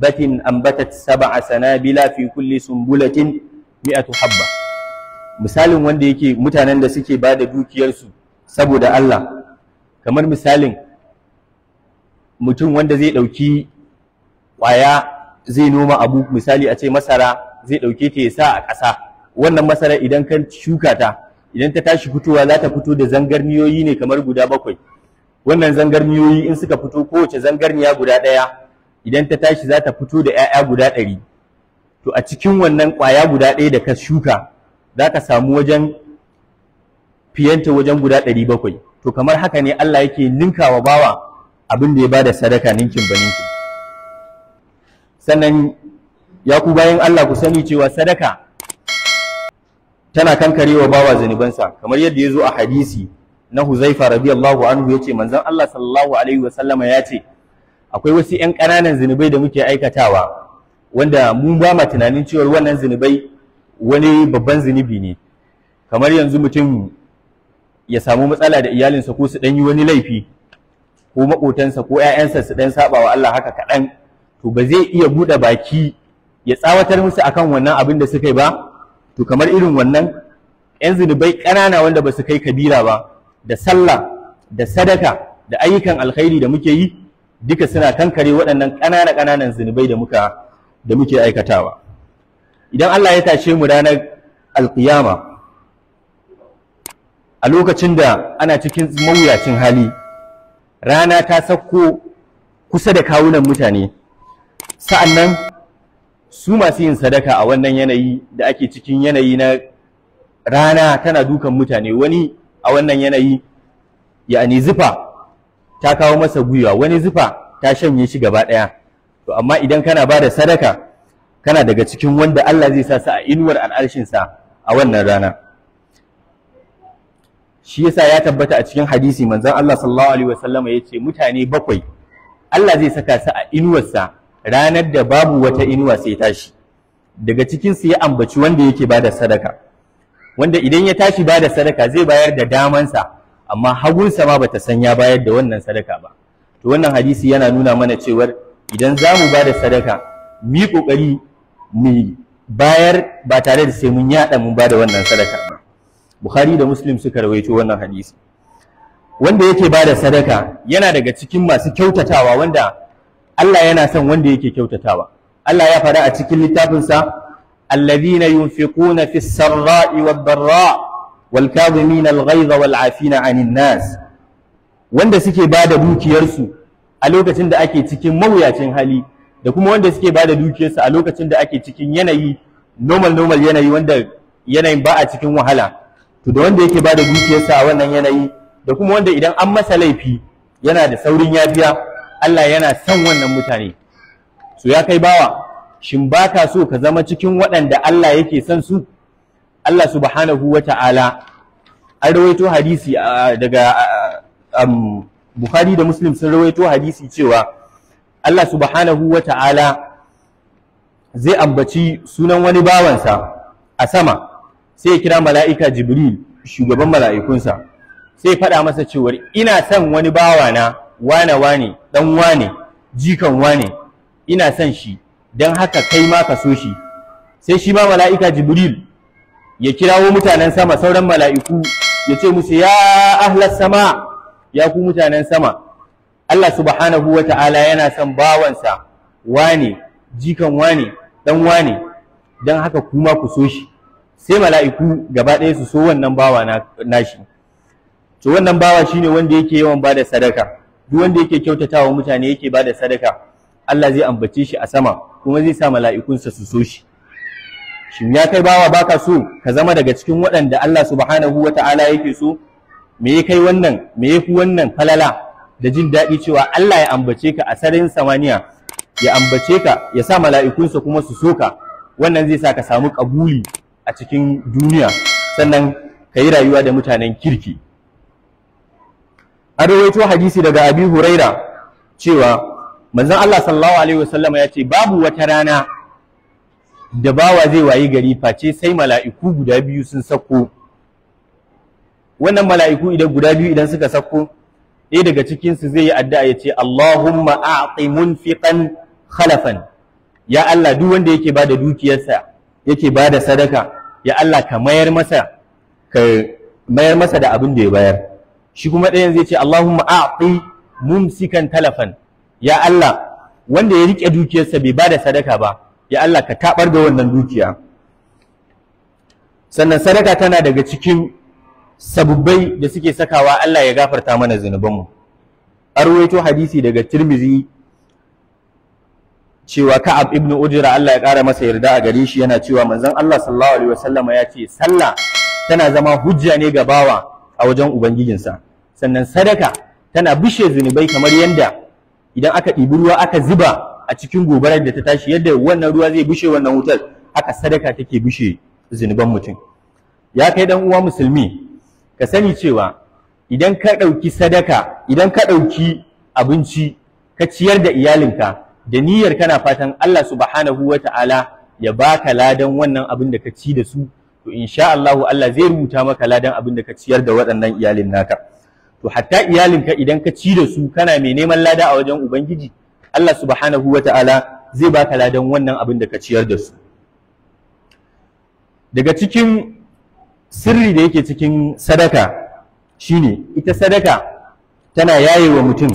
حبة أنبتت سبع سنابل في كل سنبلة مئة Tuhabba. misalin wanda yake mutanen da suke ba da dukiyarsu saboda Allah kamar misalin mutum wanda zai ɗauki ƙwaya zai noma abu misali a ce masara zai ɗauke ta ya sa a ƙasa wannan masara idan ka shuka ta idan ta tashi fitowa za ta fito da zangarniyoyi ne kamar guda bakwai wannan zangarniyoyi in suka fito kowace zangarniya guda ɗaya idan ta tashi za ta fito da 'ya'ya guda ɗari to a cikin wannan ƙwaya guda ɗaya da ka shuka za ka samu wajen fiyanta wajen guda ɗari bakwai to kamar haka ne Allah yake ninkawa bawa abin da ya bada sadaka ninkin ba ninkin sannan ya ku bayan Allah ku sani cewa sadaka tana kankarewa bawa zunubansa kamar yadda ya zo a hadisi na Huzaifa radiyallahu anhu ce, manzon Allah sallallahu alaihi wasallama ya ce akwai wasu 'yan ƙananan zunubai da muke aikatawa wanda mu ba ma tunanin cewa wannan zunubai wani babban zunubi ne kamar yanzu mutum ya samu matsala da iyalinsa ko su ɗan yi wani laifi ko maƙotansa ko 'ya'yansa su ɗan saba wa Allah haka kaɗan to ba zai iya buɗe baki ya tsawatar musu akan wannan abin da suka yi ba to kamar irin wannan 'yan zunubai ƙanana wanda ba su kai kabira ba da sallah da sadaka da ayyukan alkhairi da muke yi duka suna kankare waɗannan ƙanana ƙananan zunubai da muka da muke aikatawa idan Allah ya tashe mu ranar alƙiyama a lokacin da ana cikin mawuyacin hali rana ta sauko kusa da kawunan mutane sa'annan su masu yin sadaka a wannan yanayi da ake cikin yanayi na rana tana dukan mutane wani a wannan yanayi ya'ani zufa ta kawo masa gwiwa wani zufa ta shanye shi gaba ɗaya to amma idan kana ba da sadaka kana daga cikin wanda Allah zai sa su a inuwar al'arshinsa a wannan rana shi yasa ya tabbata a cikin hadisi manzon Allah sallallahu alaihi wasallama ya ce mutane bakwai Allah zai saka su a inuwarsa ranar da babu wata inuwa sai tashi daga cikin ya ambaci wanda yake ba da sadaka wanda idan ya tashi ba da sadaka zai bayar da damansa amma hagunsa ma bata san ya bayar da wannan sadaka ba to wannan hadisi yana nuna mana cewar idan za mu ba da sadaka mu yi mu bayar ba tare da sai mun yada mun bada wannan sadaka ba bukhari da muslim suka rawaito wannan hadisi wanda yake bada sadaka yana daga cikin masu kyautatawa wanda Allah yana son wanda yake kyautatawa Allah ya faɗa a cikin littafinsa allazina yunfiquna fis sarra'i wad darra' والكاظمين الغيظ والعافين عن الناس afina anin wanda suke bada dukiyarsu a lokacin da ake cikin mawuyacin hali da kuma wanda suke bada dukiyarsu a lokacin da ake cikin yanayi normal normal yanayi wanda yanayin ba a cikin wahala to da wanda yake bada dukiyarsa a wannan yanayi da kuma wanda idan an masa laifi yana da saurin yafiya Allah yana son wannan mutane so ya kai bawa shin baka so ka zama cikin waɗanda Allah yake son su Allah subhanahu wa ta'ala an rawaito hadisi daga um, Bukhari da Muslim sun rawaito hadisi cewa Allah subhanahu wa ta'ala zai ambaci sunan wani bawansa a sama sai ya kira mala'ika Jibril shugaban mala'ikunsa sai faɗa masa cewar ina son wani bawana wane wane ɗan wane jikan wane ina son shi don haka kai ma ka so shi sai shi ma mala'ika Jibril ya kirawo mutanen sama sauran mala'iku ya ce musu ya ahlas sama ya ku mutanen sama Allah subhanahu wa ta'ala yana son bawansa wane jikan wane dan wane don haka kuma ku so shi sai mala'iku gaba ɗaya su so wannan bawa na shi. to wannan bawa shi ne wanda yake yawan ba da sadaka duk wanda yake kyautatawa mutane yake bada sadaka Allah zai ambace shi a sama kuma zai sa mala'ikunsa su so shi shin ya kai bawa baka so ka zama daga cikin waɗanda Allah subhanahu wata'ala yake so me ya kai wannan me ya fi wannan falala da jin daɗi cewa Allah ya ambace ka a sararin samaniya ya ambace ka ya sa mala'ikunsa kuma su so ka, wannan zai sa ka samu ƙabuli a cikin duniya sannan ka yi rayuwa da mutanen kirki an rawaito hadisi daga abi huraira cewa manzon Allah sallallahu alaihi wasallam ya ce babu wata rana da bawa zai wayi gari face sai mala'iku guda biyu sun sako wannan mala'iku idan guda biyu idan suka sako ɗaya daga cikinsu zai yi addu'a ya ce Allahumma a'ti munfiqan khalafan ya Allah duk wanda yake bada dukiyarsa yake bada sadaka ya Allah ka mayar masa ka mayar masa da abin da ya bayar shi kuma ɗayan zai ce Allahumma a'ti mumsikan talafan ya Allah wanda ya rike dukiyarsa bai bada sadaka ba ya Allah ka tabar da wannan dukiya sannan sadaka tana daga cikin sabubbai da suke sakawa Allah ya gafarta mana zunubanmu an ruwaito hadisi daga Tirmizi cewa Ka'ab ibn Ujra Allah ya ƙara masa yarda a gare shi yana cewa manzon Allah sallallahu alaihi wasallam ya ce sallah tana zama hujja ne ga bawa a wajen ubangijinsa sannan sadaka tana bishe zinubai kamar yanda idan aka ɗibi ruwa aka ziba. a cikin gobarar da ta tashi yadda wannan ruwa zai bushe wannan wutar haka sadaka take bushe zunuban mutum ya kai dan uwa musulmi ka sani cewa idan ka ɗauki sadaka idan ka ɗauki abinci ka ciyar da iyalinka da niyyar kana fatan Allah subhanahu wa ta'ala ya baka ladan wannan abin da ka ci da su to insha Allah Allah zai rubuta maka ladan abin da ka ciyar da waɗannan iyalin naka to hatta iyalinka idan ka ci da su kana mai neman lada a wajen ubangiji Allah subhanahu wa ta'ala zai baka ladan wannan abin da ka ciyar da su daga cikin sirri da yake cikin sadaka shine ita sadaka tana yaye wa mutum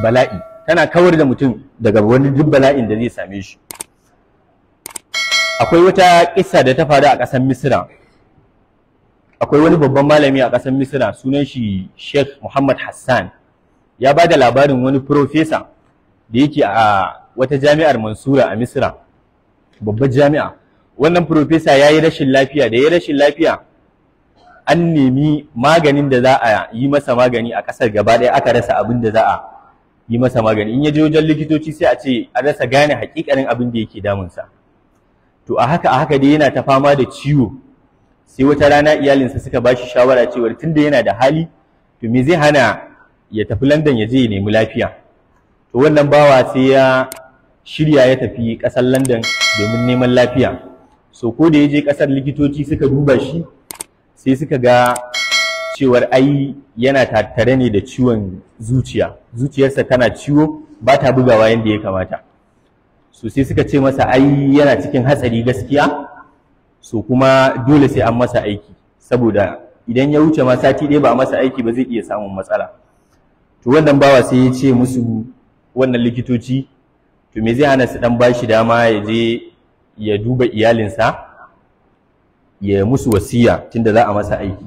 bala'i tana kawar da mutum daga wani duk bala'in da zai same shi akwai wata ƙisa da ta faru a ƙasar misira akwai wani babban malami a ƙasar misira sunan shi sheikh muhammad hassan ya ba da labarin wani profesa da yake a wata jami'ar Mansura a Misira, babbar jami'a wannan profesa ya yi rashin lafiya da ya rashin lafiya an nemi maganin da za a yi masa magani a ƙasar gaba ɗaya aka rasa abin da za a yi masa magani in ya je wajen likitoci sai a ce a rasa gane hakikanin abin da yake damunsa to a haka a haka dai yana ta fama da ciwo sai wata rana iyalinsa suka ba shi shawara cewar tunda yana da hali to me zai hana ya tafi Landan ya je ya nemi lafiya to wannan bawa sai ya shirya ya tafi ƙasar London domin neman lafiya so ko da ya je ƙasar likitoci suka duba shi sai suka ga cewar ai yana tattare ne da ciwon zuciya zuciyarsa tana ciwo ba ta bugawa yadda ya kamata so sai suka ce masa ai yana cikin hatsari gaskiya so kuma dole sai an masa aiki saboda idan ya wuce ma sati ɗaya ba masa aiki ba zai iya samun matsala to wannan bawa sai ya ce musu wannan likitoci to me zai hana su dan bashi dama ya je ya duba iyalinsa ya musu wasiya tunda za a masa aiki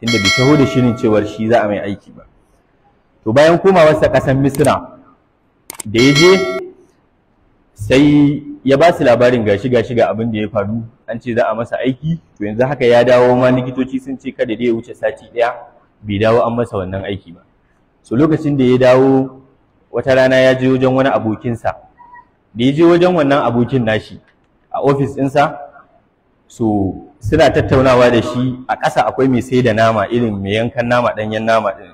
tunda bai taho da shirin cewar shi za a mai aiki ba to bayan komawarsa ƙasar misra da ya je sai ya ba su labarin gashi gashi ga abin da ya faru an ce za a masa aiki to yanzu haka ya dawo ma likitoci sun ce kada dai ya wuce sati ɗaya bai dawo an masa wannan aiki ba so lokacin da ya dawo wata rana ya je wajen wani abokinsa da ya je wajen wannan abokin nashi a ofis ɗinsa so suna tattaunawa da shi a ƙasa akwai mai sai da nama irin mai yankan nama ɗanyen nama ɗin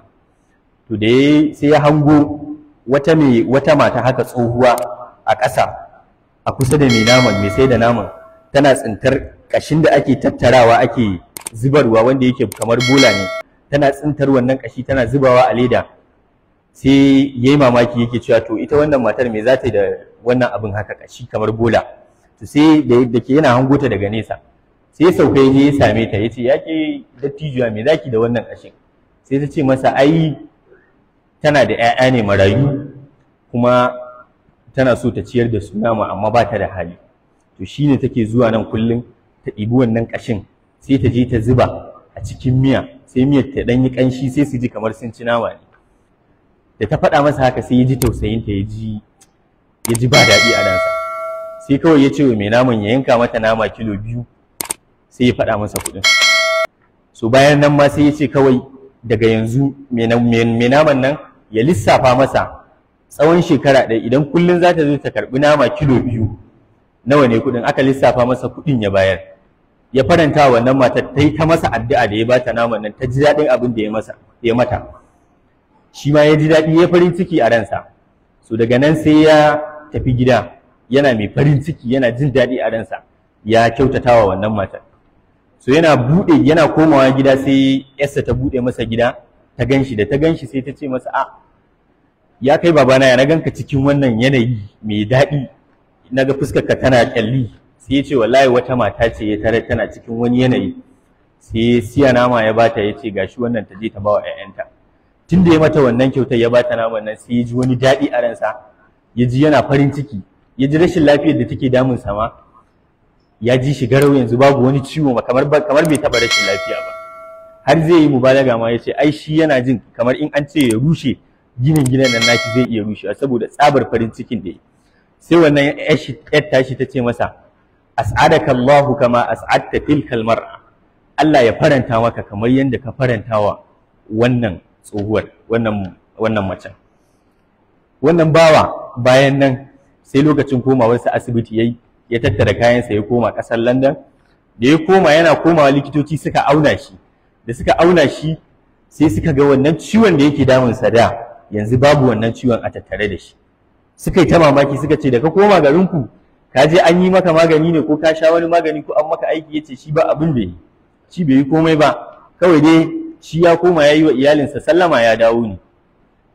to da ya sai ya hango wata mata haka tsohuwa a ƙasa a kusa da mai naman mai sai da naman tana tsintar ƙashin da ake tattarawa ake zubarwa wanda yake kamar bola ne tana tsintar wannan ƙashi tana zubawa a leda sai ya yi mamaki yake cewa to ita wannan matar me za ta yi da wannan abin haka kashi kamar bola to sai da ke yana hango ta daga nesa sai sauka ya je ya same ta ya ce ya ke dattijuwa me zaki da wannan kashin sai ta ce masa ai tana da 'ya'ya ne marayu kuma tana so ta ciyar da su nama amma ba ta da hali to shi shine take zuwa nan kullum ta ɗibi wannan kashin sai ta je ta zuba a cikin miya sai miyar ta ɗan yi ƙanshi sai su ji kamar sun ci nama ne da ta faɗa masa haka sai ya ji tausayin ta ya ji ba daɗi a ransa sai kawai ya ce wa mai naman ya yanka mata nama kilo biyu sai ya faɗa masa kuɗin so bayan nan ma sai ya ce kawai daga yanzu mai naman nan ya lissafa masa tsawon shekara ɗaya idan kullum za ta zo ta karɓi nama kilo biyu nawa ne kuɗin aka lissafa masa kuɗin ya bayar ya faranta wannan matar ta yi ta masa addu'a da ya ba ta naman nan ta ji daɗin abin da ya mata shi ma ya ji daɗi ya farin ciki a ransa so daga nan sai ya tafi gida yana mai farin ciki yana jin daɗi a ransa ya kyautatawa wannan matar so yana buɗe yana komawa gida sai yarsa ta buɗe masa gida ta ganshi da ta ganshi sai ta ce masa a ah, ya kai babana ya na ganka cikin wannan yanayi mai daɗi na ga fuskarka tana kyalli sai ya ce wallahi wata mata ce ya tare tana cikin wani yanayi sai siya nama ya bata ya ce gashi wannan ta je ta bawa 'ya'yanta tun da ya mata wannan kyautar ya bata naman nan sai ya ji wani daɗi a ransa ya ji yana farin ciki ya ji rashin lafiyar da take damun sama ya ji shi garau yanzu babu wani ciwo ba kamar bai taɓa rashin lafiya ba har zai yi mubalaga ma ya ce ai shi yana jin kamar in an ce ya rushe ginin gidan nan naki zai iya rushewa saboda tsabar farin cikin da ya sai wannan yar tashi ta ce masa as'adaka Allahu kama as'adta tilkal mar'a Allah ya faranta maka kamar yadda ka faranta wa wannan tsohuwar wannan mace macen wannan bawa bayan nan sai lokacin komawarsa asibiti yayi ya tattara kayansa ya koma ƙasar London da ya koma yana komawa likitoci suka auna shi da suka auna shi sai suka ga wannan ciwon da yake damunsa da yanzu babu wannan ciwon a tattare da shi suka yi ta mamaki suka ce da ka koma garinku ka je an yi maka magani ne ko ka sha wani magani ko an maka aiki ya ce shi ba abin da yi shi bai yi komai ba kawai dai shi ya koma ya yi wa iyalinsa sallama ya dawo ne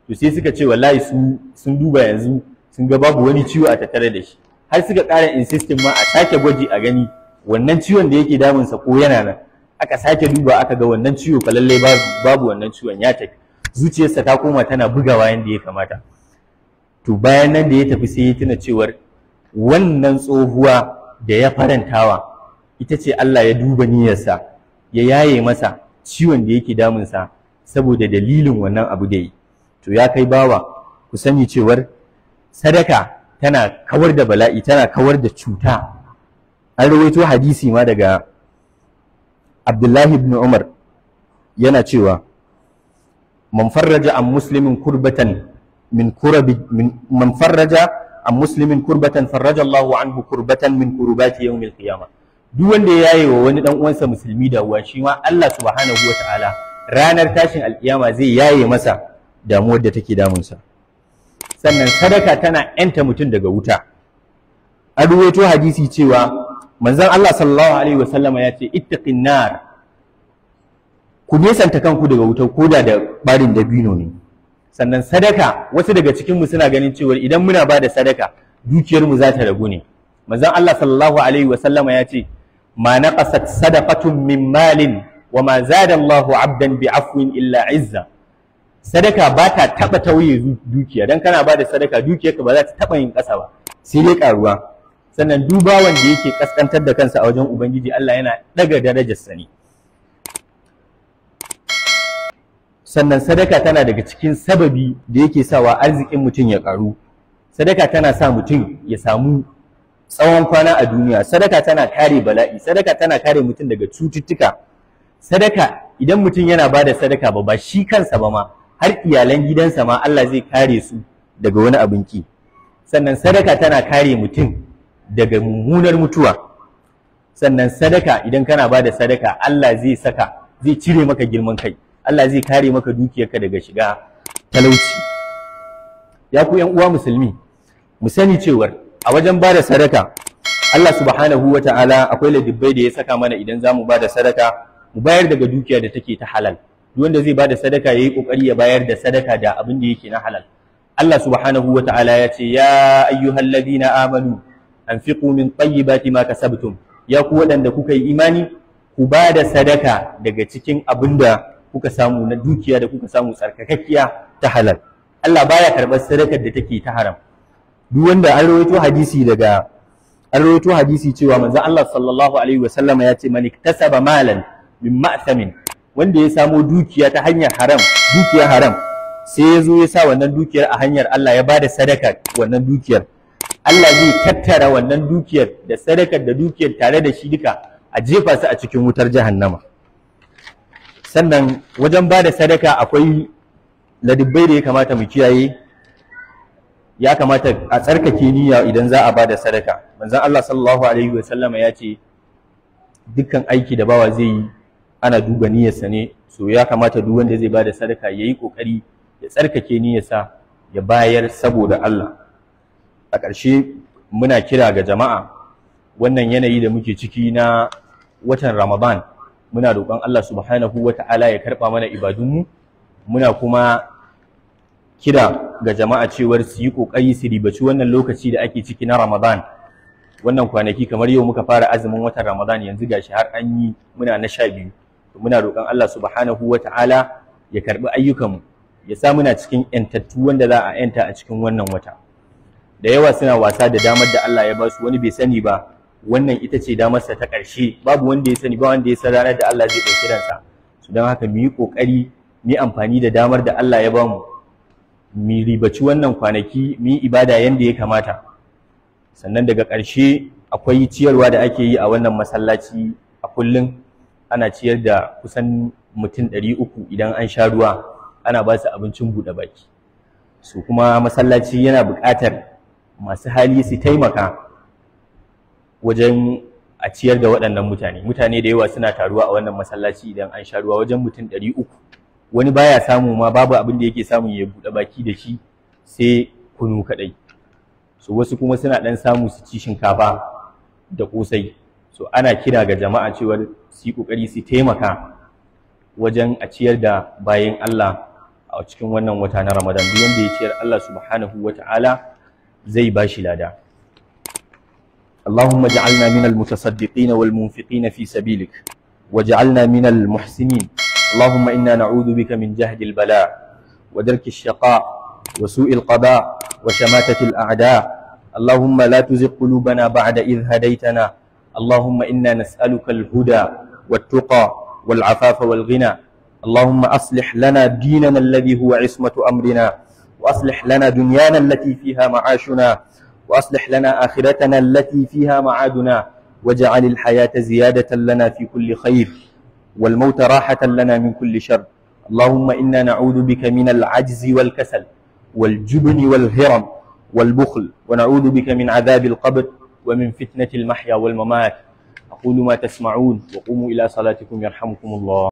to sai suka ce wallahi su sun duba yanzu sun ga babu wani ciwo a tattare da shi har suka ƙara insistin ma a sake gwaji a gani wannan ciwon da yake damunsa ko yana nan aka sake duba aka ga wannan ciwo fa lallai babu wannan ciwon ya tafi zuciyarsa ta koma tana bugawa yadda ya kamata to bayan nan da ya tafi sai ya tuna cewar wannan tsohuwa da ya farantawa ita ce Allah ya duba niyyarsa ya yaye masa ciwon da yake damunsa saboda dalilin wannan abu da yi to ya kai bawa ku sani cewar sadaka tana kawar da bala'i tana kawar da cuta an rawaito hadisi ma daga abdullahi ibn umar yana cewa man farraja an muslimin kurbatan min kurabi an muslimin kurbatan farraja Allahu anhu kurbatan min kurubati yawmil qiyamah duk wanda ya yi wa wani dan uwansa musulmi damuwa shi ma Allah subhanahu wataala ranar tashin alkiyama zai yaye masa damuwar da take damunsa sannan sadaka tana yanta mutum daga wuta a ruwaito hadisi cewa manzon Allah sallallahu alaihi sallama ya ce ittaqin nar ku nesanta kanku daga wuta ko da barin dabino ne sannan sadaka wasu daga cikin mu suna ganin cewa idan muna bada sadaka dukiyar mu za ta ragu ne manzon Allah sallallahu alaihi sallama ya ce ma naqasat sadaqatun min malin wa maza zada Allahu abdan bi afwin illa izza sadaka ba ta taba tauye dukiya dan kana ba da sadaka dukiyarka ba za ta taba yin ƙasa ba sai dai ƙaruwa, sannan duba da yake kaskantar da kansa a wajen ubangiji Allah yana ɗaga darajarsa ne sannan sadaka tana daga cikin sababi da yake sawa arzikin mutum ya karu sadaka tana sa mutum ya samu tsawon kwana a duniya sadaka tana kare bala'i sadaka tana kare mutum daga cututtuka sadaka idan mutum yana ba da sadaka ba ba shi kansa ba ma har iyalan gidansa ma Allah zai kare su daga wani abinki sannan sadaka tana kare mutum daga mummunar mutuwa sannan sadaka idan kana ba da sadaka Allah zai saka zai cire maka girman kai Allah zai kare maka dukiyarka daga shiga talauci ya ku yan uwa musulmi mu sani cewar a wajen ba da sadaka Allah subhanahu wa ta'ala akwai ladibbai da ya saka mana idan za mu ba da sadaka mu bayar daga dukiya da take ta halal duk wanda zai ba da sadaka ya yi ƙoƙari ya bayar da sadaka da abin da yake na halal Allah subhanahu wa ta'ala ya ce ya ayyuhal ladina amanu anfiqu min tayyibati ma kasabtum ya ku waɗanda kuka yi imani ku ba da sadaka daga cikin abin da kuka samu na dukiya da kuka samu tsarkakakkiya ta halal Allah baya karɓar sadakar da take ta haram duk wanda an rawaito hadisi daga an rawaito hadisi cewa manzo Allah sallallahu alaihi wasallam ya ce man iktasaba malan min ma'samin wanda ya samo dukiya ta hanyar haram dukiya haram sai ya zo ya sa wannan dukiyar a hanyar Allah ya bada sadaka wannan dukiyar Allah zai tattara wannan dukiyar da sadakar da dukiyar tare da shi duka a jefa su a cikin wutar jahannama sannan wajen bada sadaka akwai ladibbai da ya kamata mu kiyaye ya kamata a tsarkake niyya idan za a ba da sadaka manzon Allah sallallahu alaihi wa sallama ya ce dukkan aiki da bawa zai yi ana duba niyyarsa ne so ya kamata duk wanda zai ba da sadaka ya yi ƙoƙari ya tsarkake niyyarsa ya bayar saboda Allah a ƙarshe muna kira ga jama'a wannan yanayi da muke ciki na watan Ramadan muna roƙon Allah subhanahu wata'ala ya karɓa mana ibadunmu muna kuma kira ga jama'a cewar su yi kokari su ribaci wannan lokaci da ake ciki na Ramadan wannan kwanaki kamar yau muka fara azumin watan Ramadan yanzu gashi har an yi muna na sha biyu muna roƙon Allah subhanahu Ta'ala ya karbi ayyukanmu ya sa muna cikin yantattu wanda za a yanta a cikin wannan wata da yawa suna wasa da damar da Allah ya ba su wani bai sani ba wannan ita ce damarsa ta ƙarshe babu wanda ya sani ba wanda ya san ranar da Allah zai ɗauki ransa don haka mu yi ƙoƙari mu yi amfani da damar da Allah ya bamu mi ribaci wannan kwanaki mi ibada yanda ya kamata sannan daga ƙarshe akwai ciyarwa da ake yi a wannan masallaci a kullum ana ciyar da kusan mutum ɗari uku idan an sha ruwa ana ba su abincin buɗe baki su kuma masallaci yana buƙatar masu hali su taimaka wajen a ciyar da waɗannan mutane mutane da yawa suna taruwa a wannan masallaci idan an sha ruwa wajen mutum ɗari uku wani baya samu ma babu abin da yake samu ya buɗe baki da shi sai kunu kaɗai so wasu kuma suna ɗan samu su ci shinkafa da ƙosai so ana kira ga jama'a cewa su yi ƙoƙari su taimaka wajen a ciyar da bayan Allah a cikin wannan wata na Ramadan duk wanda ya ciyar Allah subhanahu wata'ala zai ba shi lada اللهم اجعلنا من المتصدقين والمنفقين في سبيلك واجعلنا من المحسنين اللهم إنا نعوذ بك من جهد البلاء ودرك الشقاء وسوء القضاء وشماتة الأعداء اللهم لا تزغ قلوبنا بعد إذ هديتنا اللهم إنا نسألك الهدى والتقى والعفاف والغنى اللهم أصلح لنا ديننا الذي هو عصمة أمرنا وأصلح لنا دنيانا التي فيها معاشنا وأصلح لنا آخرتنا التي فيها معادنا واجعل الحياة زيادة لنا في كل خير والموت راحة لنا من كل شر اللهم إنا نعوذ بك من العجز والكسل والجبن والهرم والبخل ونعوذ بك من عذاب القبر ومن فتنة المحيا والممات أقول ما تسمعون وقوموا إلى صلاتكم يرحمكم الله